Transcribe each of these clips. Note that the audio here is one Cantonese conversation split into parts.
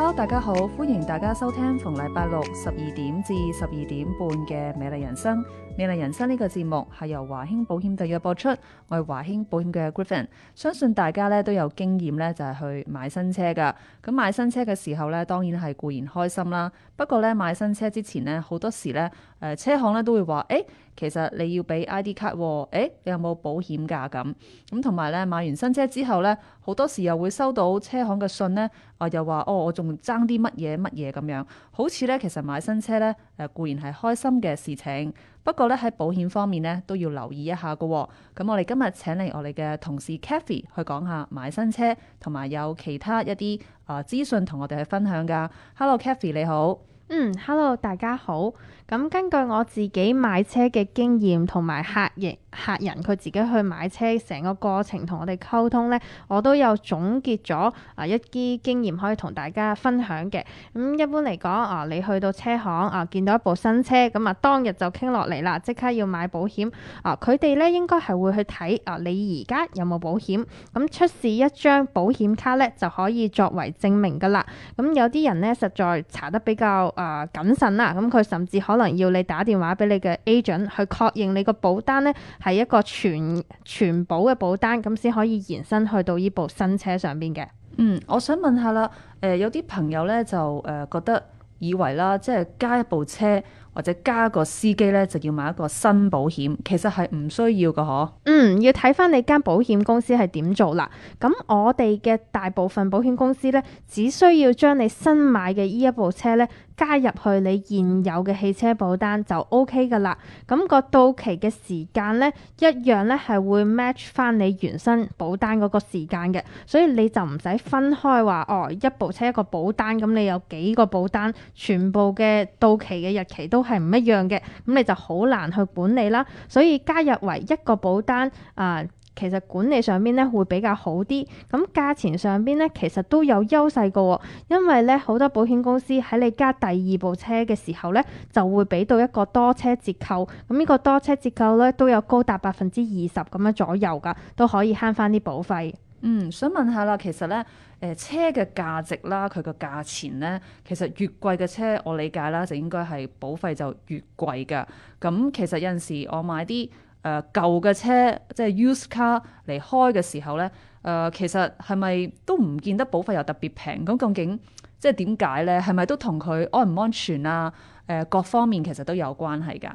Hello 大家好，歡迎大家收聽逢禮拜六十二點至十二點半嘅美麗人生。美麗人生呢個節目係由華興保險特約播出。我係華興保險嘅 Griffin，相信大家咧都有經驗咧，就係去買新車噶。咁買新車嘅時候咧，當然係固然開心啦。不過咧，買新車之前咧，好多時咧，誒，車行咧都會話，誒，其實你要俾 ID 卡，誒，你有冇保險噶？咁咁同埋咧，買完新車之後咧，好多時又會收到車行嘅信咧。我又話：哦，我仲爭啲乜嘢乜嘢咁樣，好似咧。其實買新車咧，誒固然係開心嘅事情，不過咧喺保險方面咧都要留意一下噶，哦。咁我哋今日請嚟我哋嘅同事 Kathy 去講下買新車，同埋有其他一啲誒、呃、資訊同我哋去分享噶。Hello Kathy 你好，嗯，Hello 大家好。咁根據我自己買車嘅經驗同埋客人，客人佢自己去買車，成個過程同我哋溝通呢，我都有總結咗啊一啲經驗可以同大家分享嘅。咁一般嚟講，啊你去到車行啊見到一部新車，咁啊當日就傾落嚟啦，即刻要買保險啊！佢哋呢應該係會去睇啊你而家有冇保險，咁出示一張保險卡呢就可以作為證明㗎啦。咁有啲人呢實在查得比較、呃、啊謹慎啦，咁佢甚至可能要你打電話俾你嘅 agent 去確認你個保單呢。係一個全全保嘅保單，咁先可以延伸去到呢部新車上邊嘅。嗯，我想問下啦，誒、呃，有啲朋友呢就誒、呃、覺得以為啦，即係加一部車或者加一個司機呢，就要買一個新保險，其實係唔需要㗎嗬，嗯，要睇返你間保險公司係點做啦。咁我哋嘅大部分保險公司呢，只需要將你新買嘅呢一部車呢。加入去你現有嘅汽車保單就 OK 噶啦。咁個到期嘅時間呢，一樣呢係會 match 翻你原生保單嗰個時間嘅，所以你就唔使分開話，哦，一部車一個保單，咁你有幾個保單，全部嘅到期嘅日期都係唔一樣嘅，咁你就好難去管理啦，所以加入為一個保單啊。呃其實管理上邊咧會比較好啲，咁價錢上邊咧其實都有優勢噶，因為咧好多保險公司喺你加第二部車嘅時候咧就會俾到一個多車折扣，咁、這、呢個多車折扣咧都有高達百分之二十咁樣左右噶，都可以慳翻啲保費。嗯，想問下啦，其實咧誒、呃、車嘅價值啦，佢個價錢咧，其實越貴嘅車我理解啦就應該係保費就越貴噶，咁其實有陣時我買啲。誒、呃、舊嘅車即係 used car 嚟開嘅時候咧，誒、呃、其實係咪都唔見得保費又特別平？咁究竟即係點解咧？係咪都同佢安唔安全啊？誒、呃、各方面其實都有關係㗎。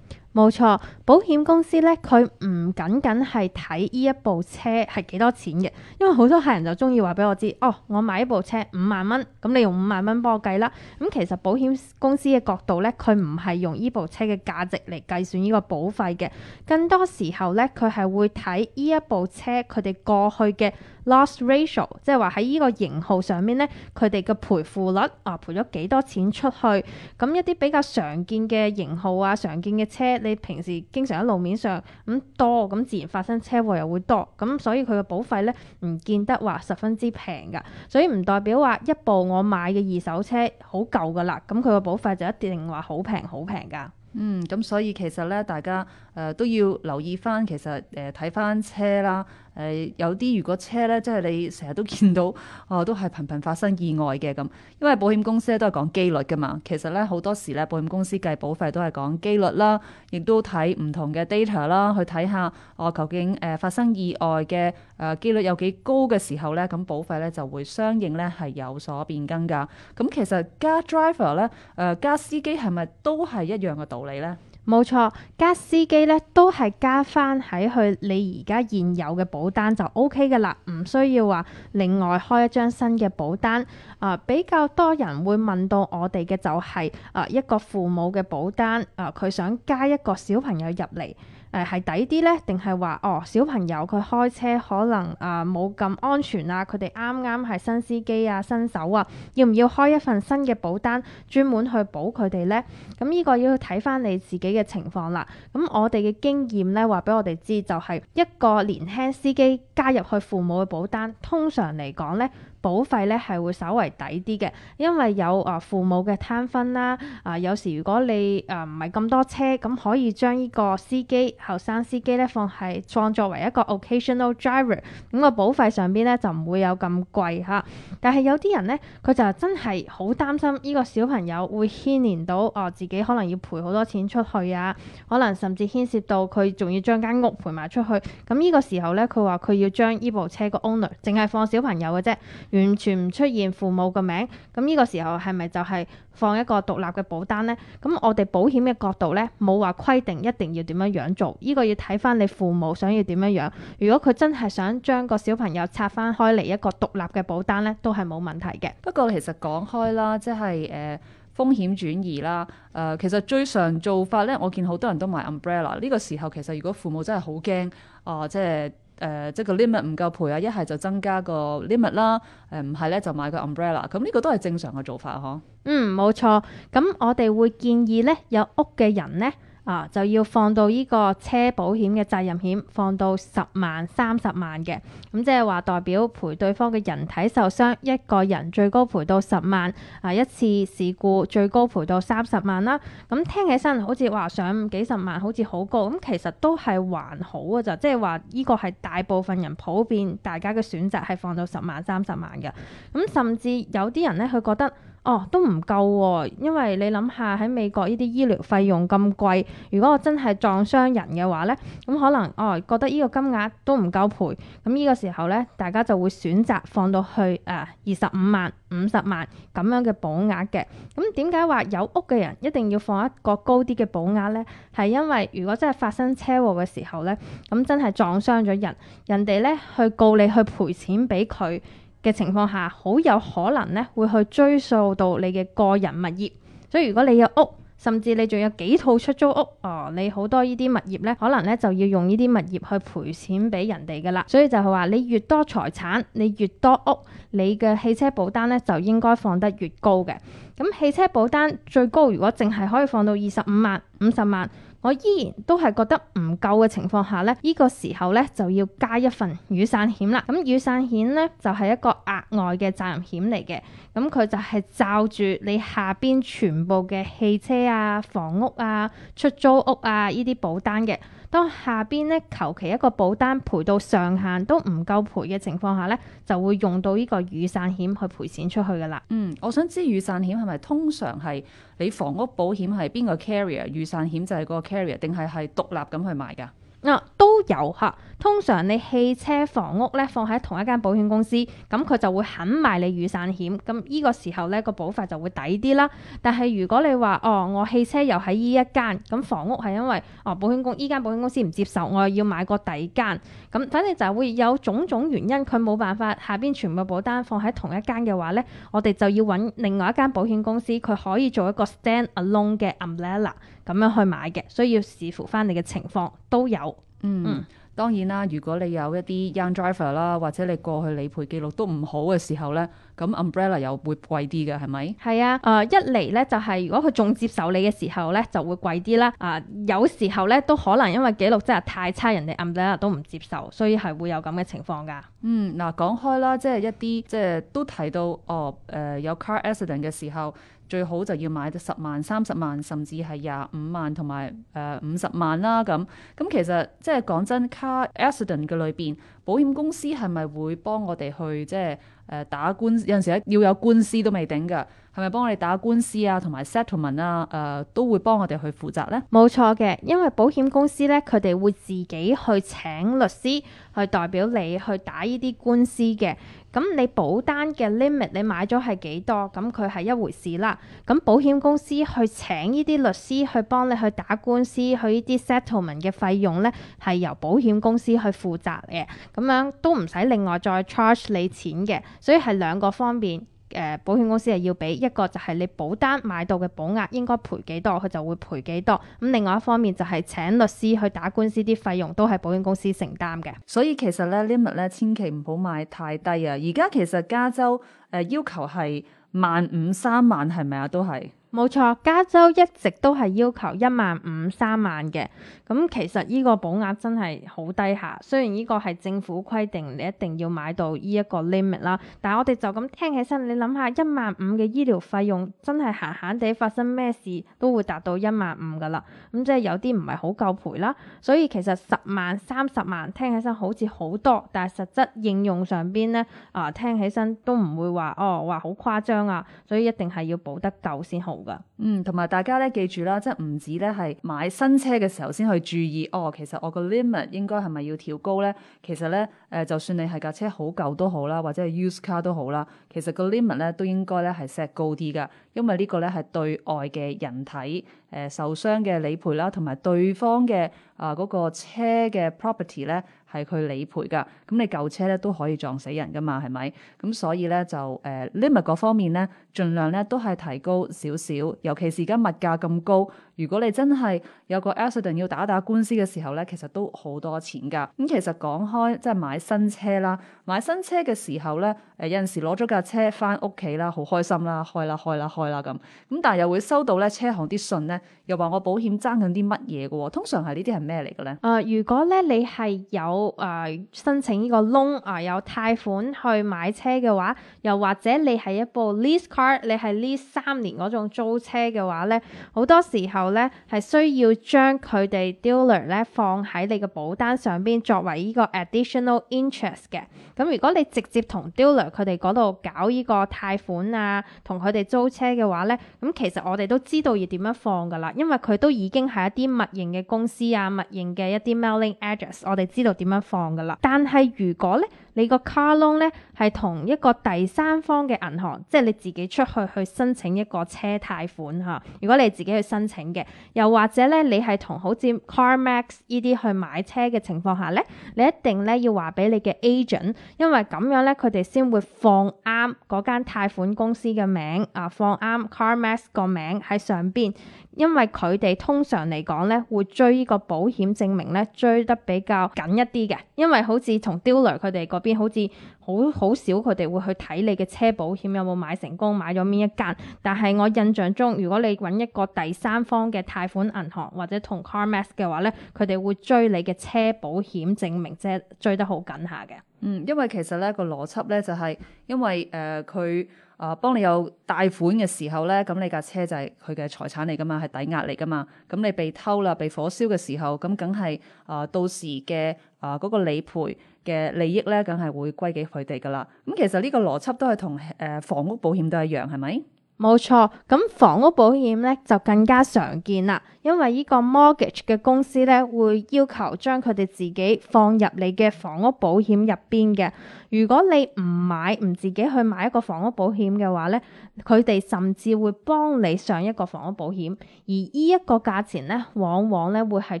冇錯，保險公司咧佢唔僅僅係睇呢一部車係幾多錢嘅，因為好多客人就中意話俾我知，哦，我買呢部車五萬蚊，咁你用五萬蚊幫我計啦。咁、嗯、其實保險公司嘅角度咧，佢唔係用呢部車嘅價值嚟計算呢個保費嘅，更多時候咧佢係會睇呢一部車佢哋過去嘅 loss ratio，即係話喺呢個型號上面咧，佢哋嘅賠付率啊，賠咗幾多錢出去，咁一啲比較常見嘅型號啊，常見嘅車你平時經常喺路面上咁多，咁自然發生車禍又會多，咁所以佢嘅保費咧唔見得話十分之平噶，所以唔代表話一部我買嘅二手車好舊噶啦，咁佢個保費就一定話好平好平噶。嗯，咁所以其實咧，大家，誒、呃、都要留意翻，其實誒睇翻車啦，誒、呃、有啲如果車咧，即係你成日都見到，哦、呃、都係頻頻發生意外嘅。咁因為保險公司都係講機率噶嘛，其實咧好多時咧保險公司計保費都係講機率啦，亦都睇唔同嘅 data 啦，去睇下哦究竟誒、呃、發生意外嘅誒、呃、機率有幾高嘅時候咧，咁保費咧就會相應咧係有所變更噶。咁、嗯、其實加 driver 咧，誒、呃、加司機係咪都係一樣嘅道理咧？冇錯，加司機咧都係加翻喺去你而家現有嘅保單就 OK 㗎喇，唔需要話另外開一張新嘅保單。啊、呃，比較多人會問到我哋嘅就係、是、啊、呃、一個父母嘅保單啊，佢、呃、想加一個小朋友入嚟。誒係抵啲呢？定係話哦，小朋友佢開車可能啊冇咁安全啊，佢哋啱啱係新司機啊，新手啊，要唔要開一份新嘅保單專門去保佢哋呢？咁、嗯、呢、呢個要睇翻你自己嘅情況啦。咁、嗯、我哋嘅經驗呢，話俾我哋知就係、是、一個年輕司機加入去父母嘅保單，通常嚟講呢。保費咧係會稍微抵啲嘅，因為有啊父母嘅攤分啦，啊、呃、有時如果你啊唔係咁多車，咁、嗯、可以將呢個司機後生司機咧放係放作為一個 occasional driver，咁、嗯、個保費上邊咧就唔會有咁貴嚇。但係有啲人咧，佢就真係好擔心呢個小朋友會牽連到哦、呃、自己可能要賠好多錢出去啊，可能甚至牽涉到佢仲要將間屋賠埋出去。咁、嗯、呢、這個時候咧，佢話佢要將呢部車個 owner 淨係放小朋友嘅啫。完全唔出現父母嘅名，咁呢個時候係咪就係放一個獨立嘅保單呢？咁我哋保險嘅角度呢，冇話規定一定要點樣樣做，呢、呢個要睇翻你父母想要點樣樣。如果佢真係想將個小朋友拆翻開嚟一個獨立嘅保單呢，都係冇問題嘅。不過其實講開啦，即係誒、呃、風險轉移啦，誒、呃、其實最常做法呢，我見好多人都買 umbrella。呢個時候其實如果父母真係好驚啊，即係。誒，即係個 limit 唔夠賠啊，一係就增加個 limit 啦，誒，唔係咧就買個 umbrella，咁呢個都係正常嘅做法呵。嗯，冇錯，咁我哋會建議咧，有屋嘅人咧。啊，就要放到呢個車保險嘅責任險，放到十萬三十萬嘅，咁、嗯、即係話代表賠對方嘅人體受傷，一個人最高賠到十萬，啊，一次事故最高賠到三十萬啦。咁、嗯、聽起身好似話上幾十萬，好似好高，咁、嗯、其實都係還好嘅就，即係話呢個係大部分人普遍大家嘅選擇係放到十萬三十萬嘅，咁、嗯、甚至有啲人咧，佢覺得。哦，都唔夠喎，因為你諗下喺美國呢啲醫療費用咁貴，如果我真係撞傷人嘅話呢，咁、嗯、可能哦覺得呢個金額都唔夠賠，咁、嗯、呢、這個時候呢，大家就會選擇放到去誒二十五萬、五十萬咁樣嘅保額嘅。咁點解話有屋嘅人一定要放一個高啲嘅保額呢？係因為如果真係發生車禍嘅時候呢，咁、嗯、真係撞傷咗人，人哋呢去告你去賠錢俾佢。嘅情況下，好有可能咧會去追溯到你嘅個人物業，所以如果你有屋，甚至你仲有幾套出租屋，啊、哦，你好多呢啲物業咧，可能咧就要用呢啲物業去賠錢俾人哋噶啦，所以就係話你越多財產，你越多屋，你嘅汽車保單咧就應該放得越高嘅，咁汽車保單最高如果淨係可以放到二十五萬。五十萬，我依然都係覺得唔夠嘅情況下呢，呢個時候呢就要加一份雨傘險啦。咁雨傘險呢，就係一個額外嘅責任險嚟嘅，咁佢就係罩住你下邊全部嘅汽車啊、房屋啊、出租屋啊呢啲保單嘅。當下邊呢，求其一個保單賠到上限都唔夠賠嘅情況下呢，就會用到呢個雨傘險去賠錢出去噶啦。嗯，我想知雨傘險係咪通常係？你房屋保險係邊個 carrier？雨傘險就係個 carrier，定係係獨立咁去買㗎？啊、都有嚇、啊。通常你汽車房屋咧放喺同一間保險公司，咁佢就會肯賣你雨傘險。咁呢個時候咧，個保費就會抵啲啦。但係如果你話哦，我汽車又喺呢一間，咁房屋係因為哦保險公呢間保險公司唔接受，我又要買個第二間。咁反正就會有種種原因，佢冇辦法下邊全部保單放喺同一間嘅話咧，我哋就要揾另外一間保險公司，佢可以做一個 stand-alone 嘅 umbrella。咁樣去買嘅，需要視乎翻你嘅情況都有。嗯，嗯，當然啦，如果你有一啲 young driver 啦，或者你過去理賠記錄都唔好嘅時候咧。咁 umbrella 又會貴啲嘅係咪？係啊，誒、呃、一嚟咧就係、是、如果佢仲接受你嘅時候咧就會貴啲啦。啊、呃，有時候咧都可能因為記錄真係太差，人哋 umbrella 都唔接受，所以係會有咁嘅情況㗎。嗯，嗱、啊、講開啦，即係一啲即係都提到哦，誒、呃、有 car accident 嘅時候，最好就要買十萬、三十萬，甚至係廿五萬同埋誒五十萬啦。咁咁、嗯、其實即係講真，car accident 嘅裏邊，保險公司係咪會幫我哋去即係？誒、呃、打官司有陣時咧，要有官司都未頂嘅。係咪幫我哋打官司啊，同埋 settlement 啊，誒、呃、都會幫我哋去負責呢？冇錯嘅，因為保險公司咧，佢哋會自己去請律師去代表你去打呢啲官司嘅。咁你保單嘅 limit 你買咗係幾多？咁佢係一回事啦。咁保險公司去請呢啲律師去幫你去打官司，去呢啲 settlement 嘅費用咧，係由保險公司去負責嘅。咁樣都唔使另外再 charge 你錢嘅，所以係兩個方面。誒、呃，保險公司係要俾一個就係你保單買到嘅保額應該賠幾多，佢就會賠幾多。咁另外一方面就係請律師去打官司啲費用都係保險公司承擔嘅。所以其實咧 limit 咧千祈唔好買太低啊！而家其實加州誒、呃、要求係萬五三萬係咪啊？都係。冇錯，加州一直都係要求一萬五三萬嘅，咁其實依個保額真係好低下。雖然依個係政府規定，你一定要買到依一個 limit 啦，但係我哋就咁聽起身，你諗下一萬五嘅醫療費用，真係閒閒地發生咩事都會達到一萬五噶啦。咁即係有啲唔係好夠賠啦。所以其實十萬、三十萬聽起身好似好多，但係實質應用上邊咧，啊、呃、聽起身都唔會話哦話好誇張啊。所以一定係要保得夠先好。嗯，同埋大家咧，記住啦，即係唔止咧係買新車嘅時候先去注意哦。其實我個 limit 應該係咪要調高咧？其實咧，誒、呃，就算你係架車好舊都好啦，或者係 used car 都好啦，其實個 limit 咧都應該咧係 set 高啲噶，因為呢個咧係對外嘅人體。誒受傷嘅理賠啦，同埋對方嘅啊嗰個車嘅 property 咧，係佢理賠噶。咁你舊車咧都可以撞死人噶嘛，係咪？咁所以咧就誒 limit 嗰方面咧，儘量咧都係提高少少。尤其是而家物價咁高，如果你真係有個 accident 要打打官司嘅時候咧，其實都好多錢噶。咁其實講開即係買新車啦，買新車嘅時候咧，誒有陣時攞咗架車翻屋企啦，好開心啦，開啦開啦開啦咁。咁但係又會收到咧車行啲信咧。又話我保險爭緊啲乜嘢嘅？通常係呢啲係咩嚟嘅咧？誒、呃，如果咧你係有誒、呃、申請呢個 loan 啊、呃，有貸款去買車嘅話，又或者你係一部 lease car，d 你係 lease 三年嗰種租車嘅話咧，好多時候咧係需要將佢哋 dealer 咧放喺你嘅保單上邊作為呢個 additional interest 嘅。咁、嗯、如果你直接同 dealer 佢哋嗰度搞呢個貸款啊，同佢哋租車嘅話咧，咁、嗯、其實我哋都知道要點樣放。因為佢都已經係一啲默認嘅公司啊，默認嘅一啲 mailing address，我哋知道點樣放噶啦。但係如果咧，你個 car loan 咧係同一個第三方嘅銀行，即係你自己出去去申請一個車貸款嚇、啊。如果你自己去申請嘅，又或者咧你係同好似 CarMax 呢啲去買車嘅情況下咧，你一定咧要話俾你嘅 agent，因為咁樣咧佢哋先會放啱嗰間貸款公司嘅名啊，放啱 CarMax 個名喺上邊。因為佢哋通常嚟講呢，會追呢個保險證明呢，追得比較緊一啲嘅。因為好似同 Dealer 佢哋嗰邊好似好好少，佢哋會去睇你嘅車保險有冇買成功，買咗邊一間。但係我印象中，如果你揾一個第三方嘅貸款銀行或者同 Car Max 嘅話呢，佢哋會追你嘅車保險證明，即係追得好緊下嘅。嗯，因為其實呢、呢個邏輯呢，就係、係、因為誒佢。呃啊，當你有貸款嘅時候咧，咁你架車就係佢嘅財產嚟噶嘛，係抵押嚟噶嘛。咁你被偷啦、被火燒嘅時候，咁梗係啊，到時嘅啊嗰個理賠嘅利益咧，梗係會歸畀佢哋噶啦。咁、嗯、其實呢個邏輯都係同誒房屋保險都一樣，係咪？冇錯，咁房屋保險咧就更加常見啦，因為呢個 mortgage 嘅公司咧會要求將佢哋自己放入你嘅房屋保險入邊嘅。如果你唔買，唔自己去買一個房屋保險嘅話咧，佢哋甚至會幫你上一個房屋保險，而呢一個價錢咧，往往咧會係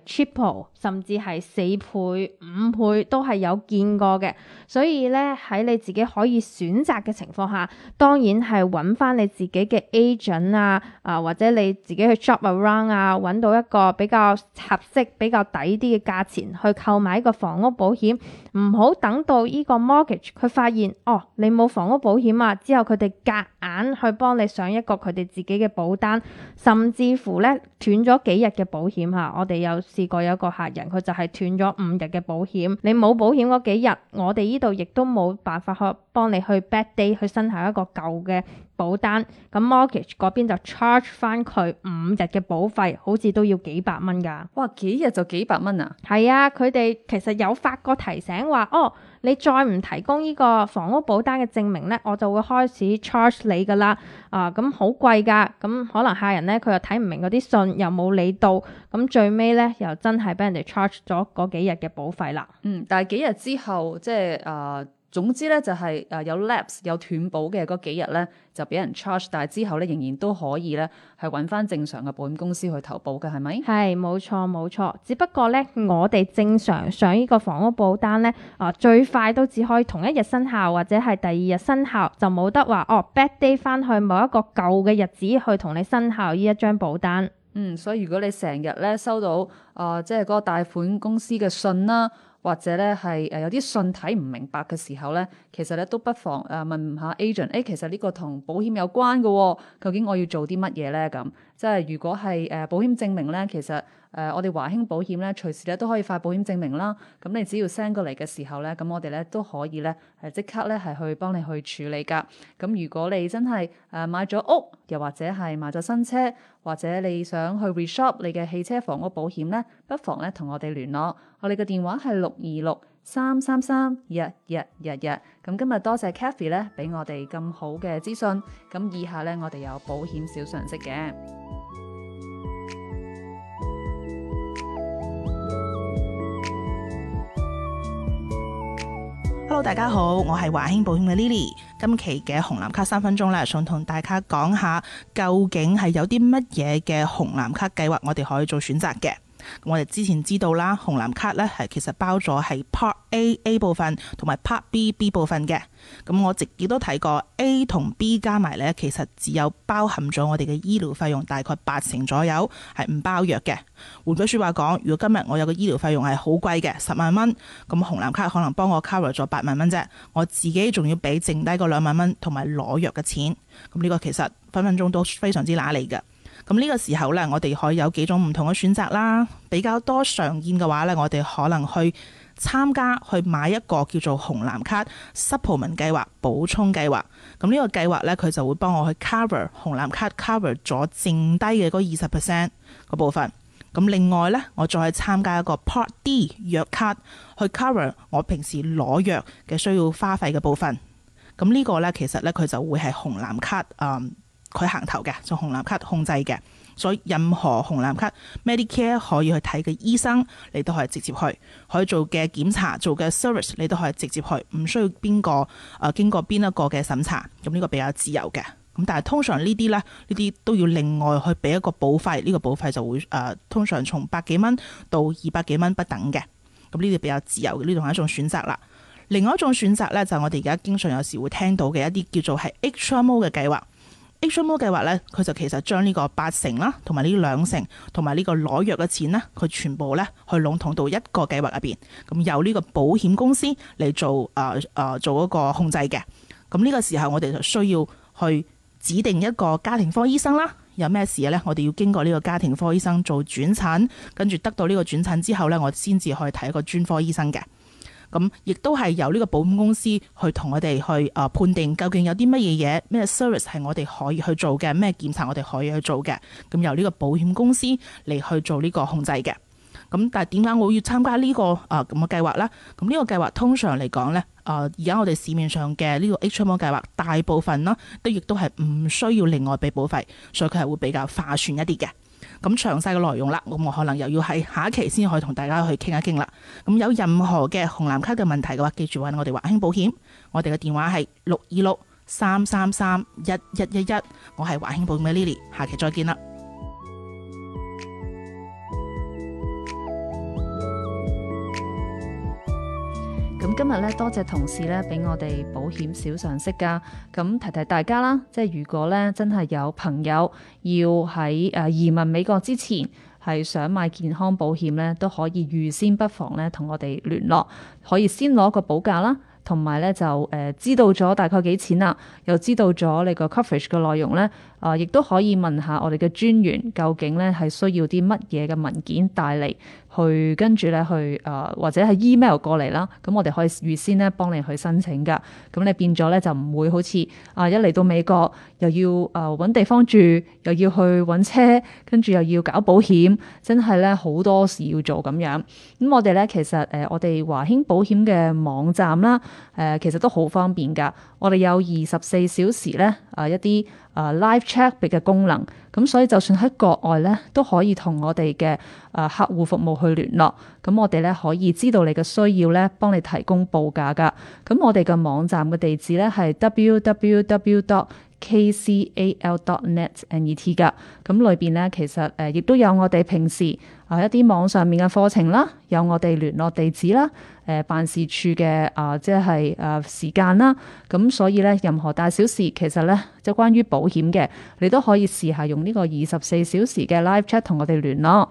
triple 甚至係四倍、五倍都係有見過嘅。所以咧喺你自己可以選擇嘅情況下，當然係揾翻你自己嘅 agent 啊，啊或者你自己去 shop around 啊，揾到一個比較合適、比較抵啲嘅價錢去購買一個房屋保險，唔好等到呢個 mortgage，佢發現哦，你冇房屋保險啊，之後佢哋夾硬去幫你上一個佢哋自己嘅保單，甚至乎呢斷咗幾日嘅保險吓、啊，我哋有試過有一個客人，佢就係斷咗五日嘅保險，你冇保險嗰幾日，我哋呢度亦都冇辦法去幫你去 bad day 去申下一個舊嘅。保單咁 mortgage 嗰邊就 charge 翻佢五日嘅保費，好似都要幾百蚊噶。哇！ 幾日就幾百蚊啊？係啊，佢哋其實有發過提醒話，哦，你再唔提供呢個房屋保單嘅證明呢，我就會開始 charge 你噶啦。啊，咁好貴噶，咁可能客人呢，佢又睇唔明嗰啲信，又冇理到，咁最尾呢，又真係俾人哋 charge 咗嗰幾日嘅保費啦。嗯，但係幾日之後即係啊～、呃總之咧，就係、是、誒有 lapse 有斷保嘅嗰幾日咧，就俾人 charge，但係之後咧仍然都可以咧，係揾翻正常嘅保險公司去投保嘅，係咪？係，冇錯，冇錯，只不過咧，我哋正常上呢個房屋保單咧，啊、呃、最快都只可以同一日生效或者係第二日生效，就冇得話哦，bad day 翻去某一個舊嘅日子去同你生效呢一張保單。嗯，所以如果你成日咧收到誒、呃、即係嗰個貸款公司嘅信啦。或者咧係誒有啲信睇唔明白嘅時候咧，其實咧都不妨誒問下 agent，誒、欸、其實呢個同保險有關嘅喎，究竟我要做啲乜嘢咧咁？即係如果係誒保險證明呢，其實誒我哋華興保險呢，隨時咧都可以發保險證明啦。咁你只要 send 過嚟嘅時候呢，咁我哋呢都可以呢，係即刻呢係去幫你去處理㗎。咁如果你真係誒買咗屋，又或者係買咗新車，或者你想去 reshop 你嘅汽車房屋保險呢，不妨呢同我哋聯絡。我哋嘅電話係六二六三三三一一一一。咁今日多謝 Kathy 呢俾我哋咁好嘅資訊。咁以下呢，我哋有保險小常識嘅。大家好，我係華興保險嘅 Lily，今期嘅紅藍卡三分鐘喇，想同大家講下究竟係有啲乜嘢嘅紅藍卡計劃，我哋可以做選擇嘅。我哋之前知道啦，紅藍卡咧係其實包咗係 part A A 部分同埋 part B B 部分嘅。咁我直接都睇過 A 同 B 加埋咧，其實只有包含咗我哋嘅醫療費用大概八成左右，係唔包藥嘅。換句説話講，如果今日我有個醫療費用係好貴嘅十萬蚊，咁紅藍卡可能幫我 cover 咗八萬蚊啫，我自己仲要俾剩低個兩萬蚊同埋攞藥嘅錢。咁、這、呢個其實分分鐘都非常之拿你嘅。咁呢個時候呢，我哋可以有幾種唔同嘅選擇啦。比較多常見嘅話呢，我哋可能去參加去買一個叫做紅藍卡 supplement 計劃補充計劃。咁呢個計劃呢，佢就會幫我去 cover 紅藍卡 cover 咗剩低嘅嗰二十 percent 個部分。咁另外呢，我再去參加一個 part D 藥卡去 cover 我平時攞藥嘅需要花費嘅部分。咁呢個呢，其實呢，佢就會係紅藍卡啊。嗯佢行頭嘅，從紅藍卡控制嘅，所以任何紅藍卡 Medicare 可以去睇嘅醫生，你都可以直接去可以做嘅檢查，做嘅 service 你都可以直接去，唔需要邊個誒、呃、經過邊一個嘅審查。咁、嗯、呢、這個比較自由嘅，咁、嗯、但係通常呢啲呢，呢啲都要另外去俾一個保費，呢、這個保費就會誒、呃、通常從百幾蚊到二百幾蚊不等嘅。咁呢啲比較自由嘅，呢度係一種選擇啦。另外一種選擇呢，就係、是、我哋而家經常有時會聽到嘅一啲叫做係 HMO 嘅計劃。Action Mode 計劃咧，佢就其實將呢個八成啦，同埋呢兩成，同埋呢個攞藥嘅錢呢，佢全部呢，去籠統到一個計劃入邊。咁由呢個保險公司嚟做誒誒、呃、做一個控制嘅。咁、這、呢個時候，我哋就需要去指定一個家庭科醫生啦。有咩事呢？我哋要經過呢個家庭科醫生做轉診，跟住得到呢個轉診之後呢，我先至去睇一個專科醫生嘅。咁亦都係由呢個保險公司去同我哋去啊判定究竟有啲乜嘢嘢咩 service 係我哋可以去做嘅咩檢查我哋可以去做嘅咁由呢個保險公司嚟去做呢個控制嘅。咁但係點解我要參加呢、這個啊咁嘅計劃呢？咁、嗯、呢、呢個計劃通常嚟講呢，啊而家我哋市面上嘅呢個 HMO 計劃大部分啦都亦都係唔需要另外俾保費，所以佢係會比較劃算一啲嘅。咁詳細嘅內容啦，咁我可能又要喺下一期先可以同大家去傾一傾啦。咁有任何嘅紅藍卡嘅問題嘅話，記住揾我哋華興保險，我哋嘅電話係六二六三三三一一一一，11 11，我係華興保險嘅 Lily，下期再見啦。今日咧多謝同事咧俾我哋保險小常識噶，咁、嗯、提提大家啦，即係如果咧真係有朋友要喺誒移民美國之前係想買健康保險咧，都可以預先不妨咧同我哋聯絡，可以先攞個保價啦，同埋咧就誒、呃、知道咗大概幾錢啦，又知道咗你個 coverage 嘅內容咧。啊，亦都、呃、可以問下我哋嘅專員，究竟咧係需要啲乜嘢嘅文件帶嚟，去跟住咧去啊、呃，或者係 email 過嚟啦。咁、嗯、我哋可以預先咧幫你去申請噶。咁你變咗咧就唔會好似啊一嚟到美國又要啊揾、呃、地方住，又要去揾車，跟住又要搞保險，真係咧好多事要做咁樣。咁、嗯、我哋咧其實誒、呃、我哋華興保險嘅網站啦，誒、呃、其實都好方便噶。我哋有二十四小時咧，啊一啲啊 live chat 嘅功能，咁所以就算喺國外咧都可以同我哋嘅啊客戶服務去聯絡。咁我哋咧可以知道你嘅需要咧，幫你提供報價噶。咁我哋嘅網站嘅地址咧係 w w w dot k c a l dot net n e t 噶。咁裏邊咧其實誒亦都有我哋平時，啊！一啲網上面嘅課程啦，有我哋聯絡地址啦，誒、呃、辦事處嘅、呃呃、啊，即係誒時間啦。咁所以咧，任何大小事其實咧，即係關於保險嘅，你都可以試下用呢個二十四小時嘅 live chat 同我哋聯絡。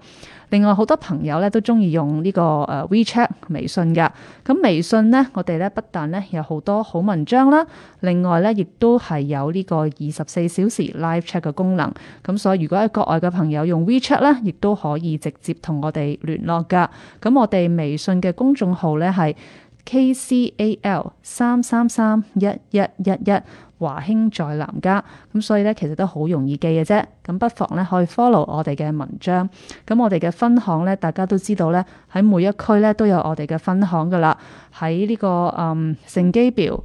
另外好多朋友咧都中意用呢個誒 WeChat 微信㗎。咁、啊、微信呢，我哋咧不但呢有好多好文章啦，另外咧亦都係有呢個二十四小時 live chat 嘅功能。咁、啊、所以如果喺國外嘅朋友用 WeChat 咧，亦都可以直接接同我哋聯絡噶，咁我哋微信嘅公眾號呢係 KCAL 三三三一一一一華興在南加。咁所以呢，其實都好容易記嘅啫，咁不妨呢，可以 follow 我哋嘅文章，咁我哋嘅分行呢，大家都知道呢，喺每一區呢都有我哋嘅分行噶啦，喺呢、這個嗯成機表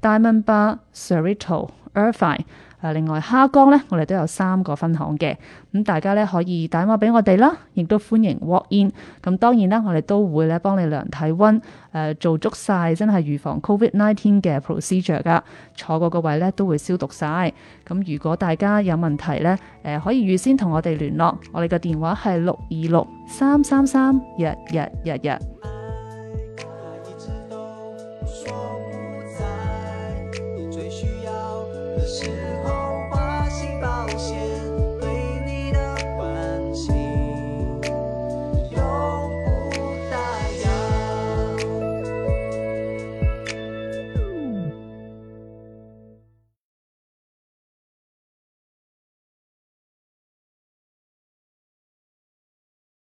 Diamond Bar、Cerritos、Irvine。另外蝦江呢，我哋都有三個分行嘅，咁大家呢，可以打電話俾我哋啦，亦都歡迎 walk in。咁當然啦，我哋都會咧幫你量體温，誒做足晒真係預防 covid nineteen 嘅 procedure 噶。坐過個位呢，都會消毒晒。咁如果大家有問題呢，誒可以預先同我哋聯絡。我哋嘅電話係六二六三三三一一一一。